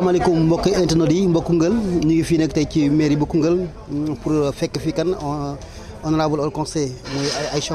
asalaamaaleykum mbokk internet yi mbokk Koungheul ñu ngi fii nekk tey ci mairie bu Koungheul mm, pour fekk fii kan honorable au conseil mooy Aïcha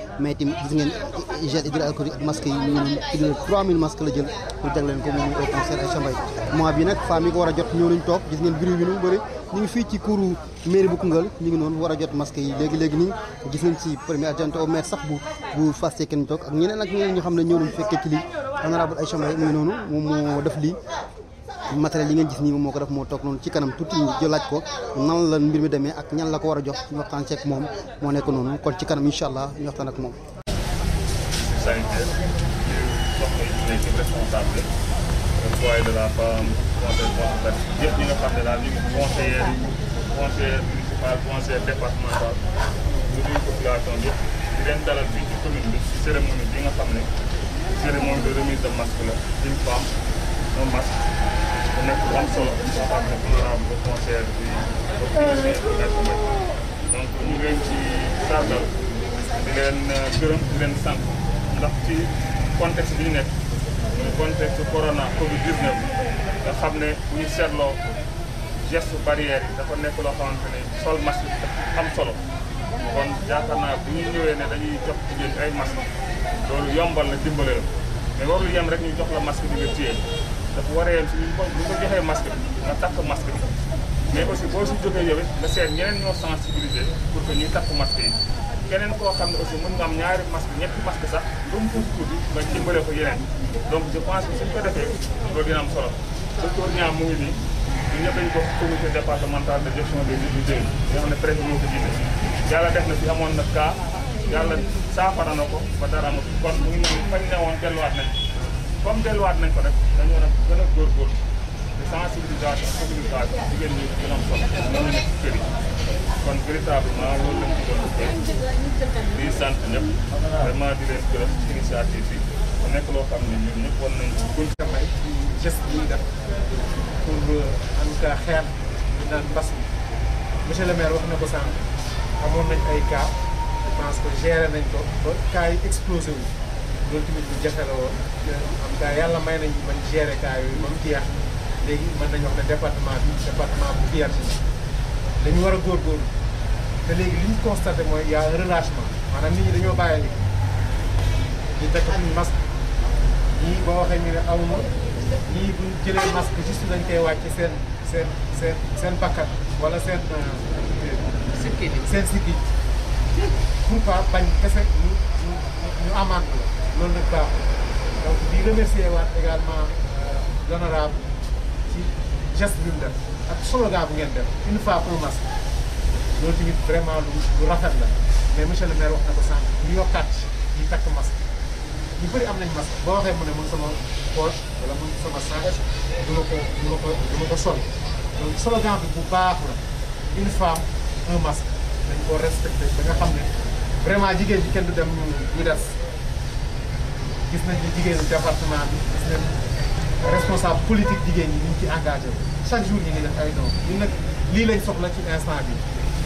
mais tamit gis ngeen gel hydroalcoolique ak masques yi ñu ngi plus de 3000 masques la jël pour jagleel ko moom au concert ay chambay mois bi nag femmes yi ko war a jot ñëw nañ toog gis ngeen bruit bi nu mu bëri ñu ngi fii ci kuuru mairie bu Koungheul ñu ngi noonu war a jot masques yi léegi léegi nii gis nañ si premier adjoint au maire sax bu bu fasté kenn toog ak ñeneen ak ñeneen ñoo xam ne ñoo nañ fekkee ci lii ay chambay mu ngi noonu moom moo def lii matériel yi ngeen gis nii moo ko def moo toog noonu ci kanam tuuti ñu laaj ko nan la mbir mi demee ak ñan la ko war a jox ñu waxtaan ceeg moom moo nekk noonu kon ci kanam incha allah ñu waxtaan ak xam ne daal ñu ngi conseillère yi conseillère di leen dalal ci cérémonie bi nga xam ne cérémonie de remise de masque la une femme un masque bu nekk am solo boo xam ne mën am ba concert ci sargal di leen euh, gërëm di ci bi ñu nekk muy contexte corona Covid 19 nga xam ne bu ñu seetloo geste barrière yi dafa nekk loo xamante ne sol masque bi dafa am solo kon yaakaar naa bu ñu ñëwee ne dañuy jox jigéen ay masque loolu yombal la dimbale la mais warul yem rek ñu jox la masque bi nga téye. dafa war a yem si ñu ko ñu ko joxee masque nga takk masque bi mais aussi boo si jógee yow it nga seet ñeneen ñoo sensibiliser pour que ñuy takk masque yi keneen koo xam ne aussi mën nga am ñaari masque ñetti masque sax lu mu tuuti tuuti nga dimbale ko yeneen donc je pense que suñ ko defee loolu dina am solo docteur Niang mu ngi nii ñu ñëpp dañu bokk comité départemental de gestion des épidémies nga xam ne préfet moo yàlla def na fi amoon na cas yàlla saafara na ko ba dara amatu kon mu ngi noonu fañ ne woon delluwaat nañ comme delluwaat nañ ko nag dañoo war a gën a góorgóorlu de sensibilisation communication jigéen ñi gën a am solo moom la nekk ci kër yi kon véritablement loolu lañ ci doon di sant ñëpp vraiment di leen gërëm ci initiative bi mu nekk loo xam ne ñun ñëpp war nañ ci gën may geste bi ñu def pour en tout cas xeer ñu naan mbas mi monsieur le maire wax na ko sànq amoon nañ ay cas je que géré nañ ko ba yi explosé wu loolu tamit bu jafe la woon xam nga yàlla may nañ man gérer cas yooyu ba mu jeex léegi mën nañu wax ne département bi département bu Vierge la ñu war a góorgóorlu te léegi li ñu constaté mooy y a un relâchement maanaam nit ñi dañoo bàyyi li ñu takk suñu masque ñii boo waxee ñu ne aw ma ñii bu ñu jëlee masque juste dañ koy wàcc seen seen seen seen bakkat wala seen sikki euh, seen sikki pour pas bañ kese ñu ñu ñu amande la loolu nag baaxul donc di remercier waat également euh, l'honorable ci geste bi mu def ak slogan bu ngeen dem une fois pour loolu tamit vraiment lu lu rafet la mais monsieur le maire wax na ko sànq ñu yokkaat ci ñu takk masque ñu bëri am nañ masque boo waxee mu ne mën sama poche wala mën sama sac du ma ko ma ko du ma ko sol donc slogan bi bu baax la une femme un masque dañ koo respecté ba nga xam ne vraiment jigéen ji kenn du dem ñu ñu des gis nañ ni jigéenu département bi gis nañ responsable politique jigéen ñi ñu ci engagé chaque jour ñu ngi def ay doom ñun nag lii lañ soxla ci instant bi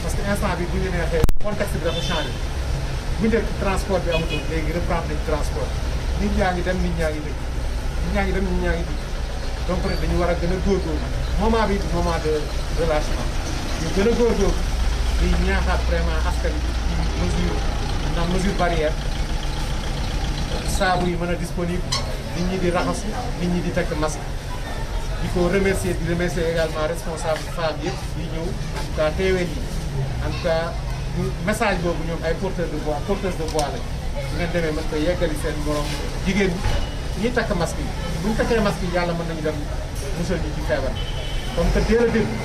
parce que instant bi bu ñu neexee contexte bi dafa changé bu njëkk transport bi amatul léegi reprendre nañ transport nit ñaa ngi dem nit ñaa ngi dëkk nit ñaa ngi dem nit ñaa ngi dëkk donc rek dañu war a gën a góorgóorlu moment bi du moment de relâchement ñu gën a góorgóorlu di ñaaxaat vraiment askan bi ci mesure ndax mesure barrière saabu yi mën a disponible nit ñi di raxas nit ñi di takk masque di ko remercier di remercier également responsable femme yëpp di ñëw en teewee yi en tout cas message boobu ñoom ay porteur de voix porteuse de voix lañ su ngeen demee mën ko ñi takk masque yi bu ñu takkee masque yi yàlla mën nañu dem musal ñi ci feebar comme que dès le début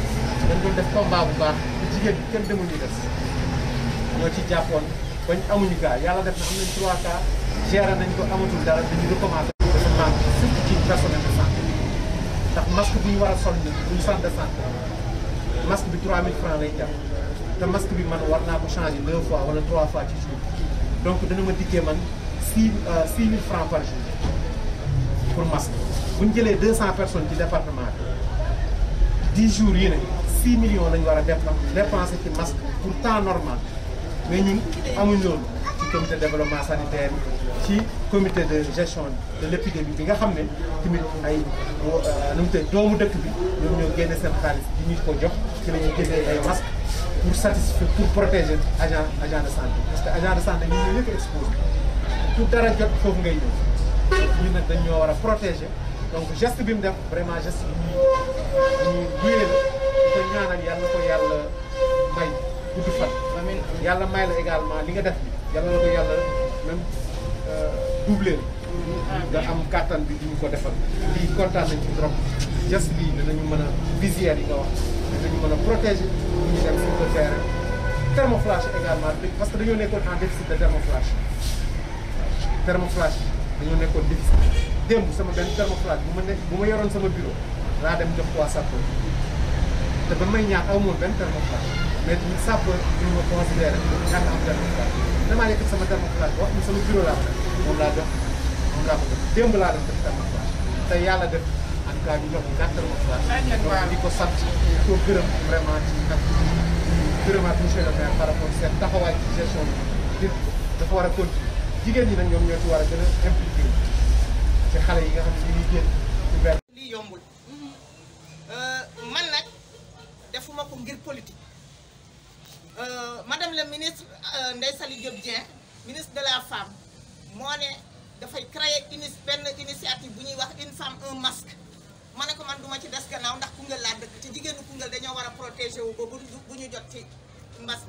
dañ doon def combat bu baax bu jigéen bi kenn demul des ñoo ci jàppoon bañ amuñu gaa yàlla def na am nañ 3 cas géré nañ ko amatul dara dañu recommencé recommencé surtout de santé bi ñu war sol ni bi 3000 francs lay masque bi man war changé deux fois wala trois fois ci jour donc dana ma dikkee man six euh, six mille francs par jour pour jëlee deux cent personnes ci département bi dix jours yi millions lañ war a dépensé ci masque pour temps normal mais ñun amuñ loolu comité de développement sanitaire ci comité de gestion de l'épidémie bi nga xam ne tamit ay euh, nu mu tey doomu dëkk bi ñoom ñoo génne seen xaalis di ñu ko jox ci la ñuy génnee ay masques pour satisfaire pour protéger agent agent de santé parce que agent santé ñu ñu ko exposé pour dara jot foofu ngay ñëw ñu nag dañ ñoo war a protéger donc geste bi mu def vraiment geste bi ñuy ñuy la ko ñaanal yàlla ko yàlla may gudd fan. amiin yàlla may la également li nga def bi yàlla na ko yàlla même euh, doublé nga am kàttan bi di ko defal lii kontaan nañ ci trop jas bii danañu mën a visière yi nga wax danañu mën a protéger ñu dem sur le terrain thermoflash également parce que dañoo nekkoon en déficit de thermoflash thermoflash dañoo nekkoon déficit démb sama benn thermoflash bu ma ne bu ma yoroon sama bureau laa dem jox fois sapeur te ba may ñaar amoon benn thermoflash mais tamit sapeur ñu ma considéré ñàkk am thermoflash damaa yëkkat sama thermoflash wax mu sama bureau laa ko def moom laa démb laa def def thermoflash te yàlla def en tout cas ñu jox ko quatre thermoflash donc di ko sant di ko gërëm vraiment ci nag gërëmaat monsieur le maire par rapport seen taxawaay ci gestion bi dafa war a continuer jigéen ñi nag ñoom ñoo ci war a gën a impliqué xale yi nga xam ne ñu ngi génn ci benn lii yombul euh, man nag defuma ko ngir politique Euh, madame la ministre euh, Ndeye Saly Diop Dieng ministre de la femme moo ne dafay créer une benn initiative bu ñuy wax une femme un masque ma ne ko man duma ci des gannaaw ndax Koungheul laa dëkk te jigéenu Koungheul dañoo war a protéger wu ba bu ñu jot ci mbas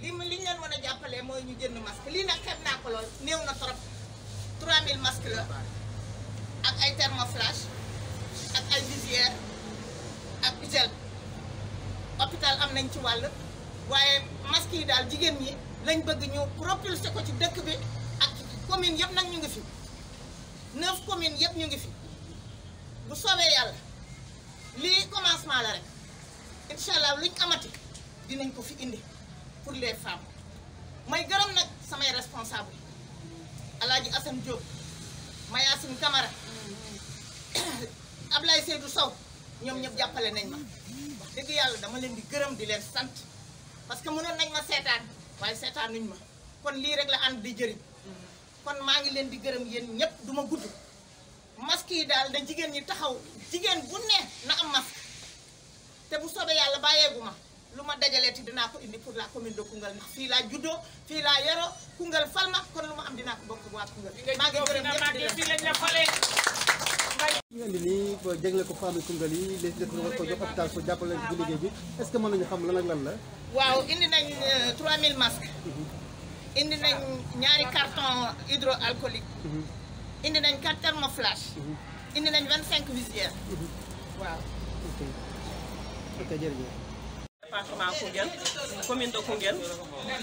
mi li li ñu mën a jàppalee mooy ñu jënd masque lii nag xeeb naa ko lool néew na trop 3000 masques la ak ay thermoflash ak ay visière ak gel hôpital am nañ ci wàll waaye masque yi daal jigéen ñi lañ bëgg ñu propulsé ko ci dëkk bi ak commune yëpp nag ñu ngi fi neuf communes yëpp ñu ngi fi bu soobee yàlla lii commencement la rek incha allah luñ amati dinañ ko fi indi pour les femmes may gërëm nag samay responsable alaaji Assane Diop Mayacine Camara Ablaye Seydou Sow ñoom ñëpp jàppale nañ ma wax dëgg yàlla dama leen di gërëm di leen sant parce que mënoon nag ma seetaan waaye seetaanuñ ma kon lii rek la ànd di jëriñ kon maa ngi leen di gërëm yéen ñëpp du ma gudd masque yi daal da jigéen ñi taxaw jigéen bu ne na am ma te bu soobee yàlla bàyyeegu ma lu ma dajalee ti dinaa ko indi pour la commune de Koungheul fii laa juddoo fii laa yaroo Koungheul fal ma kon lu ma am dinaa ko bokk maa ngi gërëm ñëpp di ñu indi nii jégle ko femme yi léegi def nga ko jox hôpital ko jàppale ci liggéey bi est-ce que mën nañu xam lan la waaw indi nañ 3000 euh, masques mhm. indi nañ ñaari carton hydroalcoolique mhm. indi nañ 4 thermoflash mhm. indi nañ 25 visières waaw. ok ok jërëjëf. département Koungheul commune de Koungheul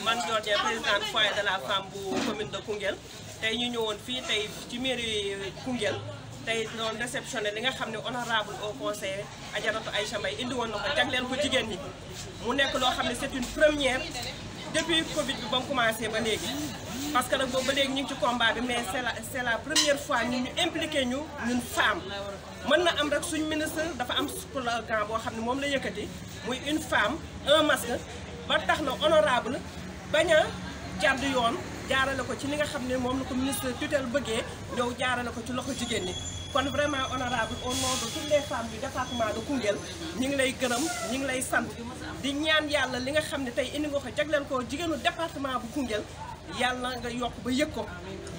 man Ndiodé présidente foyer de la femme bu commune de Koungheul tey ñu ñëwoon fii tey ci mairie Koungheul. tey noonu réceptionné li nga xam ne honorable au a Adjaratou ay Mbaye indi woon na ko jagleel ko jigéen ñi mu nekk loo xam ne c'est une première depuis Covid bi ba mu ba léegi parce que nag boobu ba léegi ñu ngi ci combat bi mais c'est la c'est la première fois ñun ñu impliqué ñu ñun femme mën na am rek suñ ministre dafa am slogan boo xam ne moom la yëkkati muy une femme un masque ba tax na honorable bañ a jàdd yoon jaarale ko ci li nga xam ne moom la ko ministre tutelle bëggee ñëw jaarale ko ci loxo jigéen ñi kon vraiment honorable au nom de toutes les femmes du département de ñi ngi lay gërëm ñi ngi lay sant di ñaan yàlla li nga xam ne tey indi nga ko jagleel ko jigéenu département bu Koungheul yàlla nga yokk ba yëg ko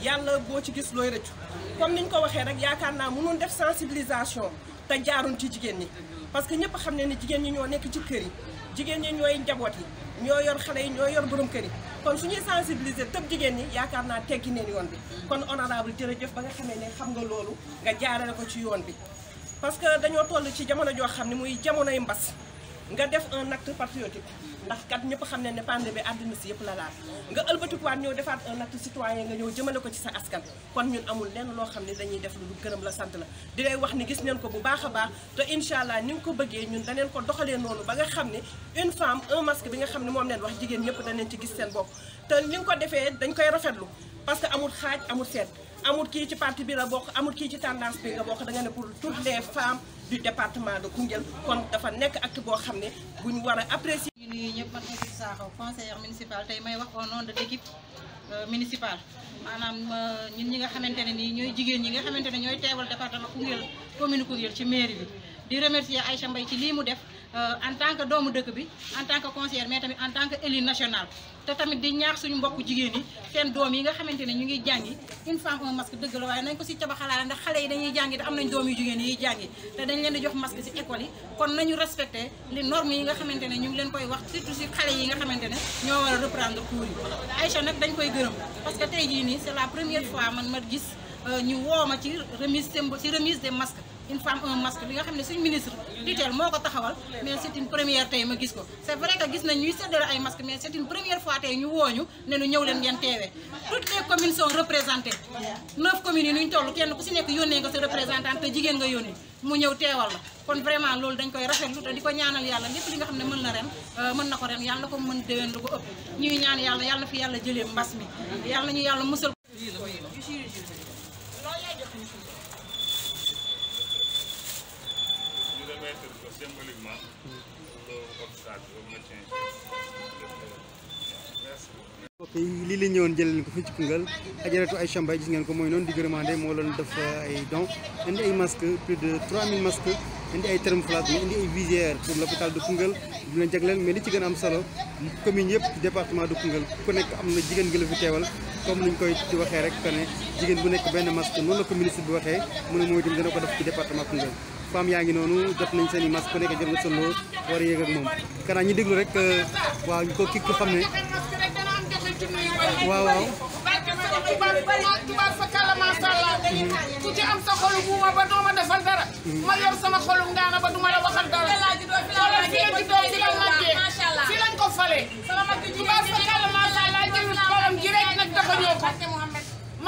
yàlla boo ci gis looy rëccu comme ni ñu ko waxee rek yaakaar naa mënoon def sensibilisation te jaaruñ ci jigéen ñi parce que ñëpp xam ne ni jigéen ñi ñoo nekk ci kër jigéen ñi ñooy njaboot yi ñoo yor xale yi ñoo yor borom kër yi kon su ñuy sensibiliser tëb jigéen ñi yaakaar naa teggi neen yoon bi kon honorable jërëjëf ba nga xamee ne xam nga loolu nga jaarale ko ci yoon bi parce que dañoo toll ci jamono joo xam ne muy jamonoy mbas nga def un acte patriotique ndax kat ñëpp xam ne ne pandémie bi àddina si yëpp la laal nga ëlbatikuwaat ñëw defaat un acte citoyen nga ñëw jëmale ko ci sa askan kon ñun amul lenn loo xam ne dañuy def lu gërëm la sant la di lay wax ni gis neen ko bu baax a baax te incha allah ni nga ko bëggee ñun daneen ko doxalee noonu ba nga xam ne une femme un masque bi nga xam ne moom leen wax jigéen ñëpp daneen ci gis seen bopp te li nga ko defee dañ koy rafetlu parce que amul xaaj amul seet amul kii ci parti bi la bokk kii ci tendance bi nga bokk da nga ne du département de Koungheul kon dafa nekk acte boo xam ne bu ñu war a apprécier. ñu nuyu ñëpp man Aïssatou Sakho conseillère municipale tey may wax au nom de l' équipe euh, municipale maanaam euh, ñun ñi nga xamante ne nii ñooy jigéen ñi nga xamante ne ñooy teewal département Koungheul commune Koungheul ci maire bi di remercier Aïcha mbay ci lii mu def. Euh, en tant que doomu dëkk bi en tant que conseillère mais tamit en tant que élu national te tamit di ñaax suñu mbokku jigéen yi seen doom yi nga xamante ne ñu ngi jàngi une femme un masque dëgg la waaye nañ ko si cabaxalaale ndax xale yi dañuy jàngi te am nañ doom yi nga xamante ne ñu ngi leen koy wax surtout si xale yi nga xamante ne ñoo war a reprendre cours yi Aïcha nag dañ koy gërëm parce que tey jii nii c'est la première fois man ma gis euh, ñu woo ci remise ci remise une femme un masque li nga xam ne suñ ministre tutelle moo ko taxawal mais c'est une première tey ma gis ko c'est vrai gis nañ ñuy séddale ay masques mais c'est première fois tey ñu wooñu ne nu ñëw leen ngeen teewee toutes les communes sont représentées neuf communes yi nuñ toll kenn ku si nekk yónnee nga sa représentant te jigéen nga yónnee mu ñëw teewal la kon vraiment loolu dañ koy rafetlu te di ko ñaanal yàlla lépp li nga xam ne mën na ren euh, mën na ko ren mbokk yi lii la ñëwoon jël leen ko fii ci Koungheul ajaratu Aïcha Mbaye gis ngeen ko mooy noonu di gërëmande moo loon def euh, ay don indi ay masque plus de 3000 masques indi ay thermoflash indi ay visière pour l'hôpital de Koungheul du leen jagleel mais li ci gën a am solo commune yëpp département de Koungheul ku nekk am na jigéen gi la fi teewal comme ni ñu koy ci waxee rek que ne jigéen bu nekk benn masque noonu la ko ministre bi waxee mu ne mooy itam dana ko def ci département Koungheul femme yaa ngi noonu jot nañ seen i masque ku nekk jël nga solo war a yéeg ak moom kana ñu déglu rek waaw ñu ko kii ko xam ne waaw fa kàlla macha ku ci am sa xolu buuma ba doo ma dara ma yor sama xolu ngaana ba du ma la dara wala fi la juddoo fi la màggee fi lañ ko falee tubaab fa kàlla macha allah jël xolam ji nag dafa ñoo ko